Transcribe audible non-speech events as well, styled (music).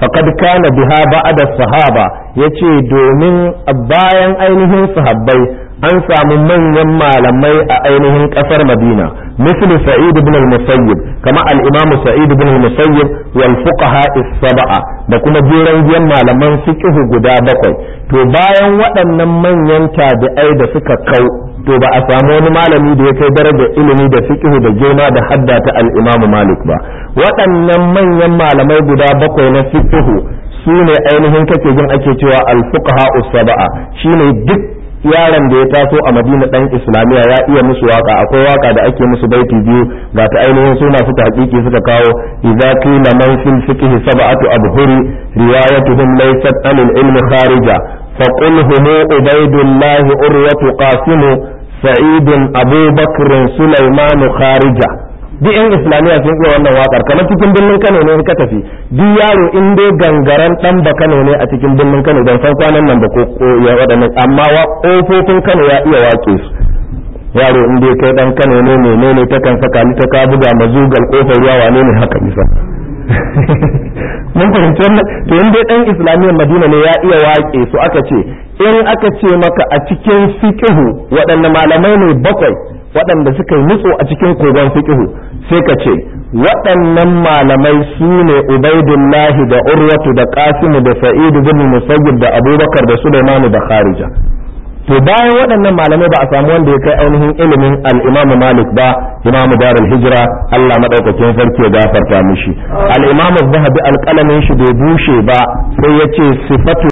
faqad kana biha da sahaba ya ce domin bayan ainihin sahabbai an samu manyan malamai a ainihin kasar Madina misli Sa'id ibn al-Musayyib kama Al'imamu imam Sa'id ibn al-Musayyib wal fuqaha da kuma jeran giyan malaman fiqh guda bakwai to bayan waɗannan manyan tabi'ai da suka kau to ba a samu wani malami da ya kai daraja ilimi da fikihu da girma da hadda ta al Malik ba waɗannan manyan malamai guda bakwai na fiqhu su ne ainihin kake jin ake cewa al-fuqaha shi ne shine duk yaron da ya taso a madina dan islamiyya ya iya musu waka akwai waka da ake musu baiti biyu ga ta ainihin su masu hakiki suka kawo idza qila man fil fiqhi sab'atu abhuri riwayatuhum laysat anil ilmi kharija فقل هم عبيد الله عروة قاسم سعيد أبو بكر سليمان duk yan islamiyya sun iya wannan wakar kamar cikin birnin kano ne ka tafi duk yaro in dai gangaren dan ba kano ne a cikin birnin kano don san kwanan nan ba ko ya waɗannan amma wa ƙofofin kano ya iya wake su yaro in dai kai dan kano ne ne ne ta kan saka ni ta ka buga mazugal kofar ruwa wane ne haka bisa (laughs) mun fahimci wannan to in dai dan islamiyyar madina ne ya iya wake su aka ce in aka ce maka a cikin fiqhu waɗanne malamai ne bakwai waɗanda suka yi nutso a cikin kogon fiqhu sai ka ce waɗannan malamai su ne ubaidullahi da urwatu da Kasimu da Sa'idu bin musayyib da abubakar da sulaimanu da kharija to bayan waɗannan malamai ba a samu wanda ya kai ainihin ilimin al-imamu malik ba imamu darul hijira Allah madaukakin sarki ya gafarta mishi al-imamu zahabi alkalamin shi bai bushe ba sai ya ce sifatu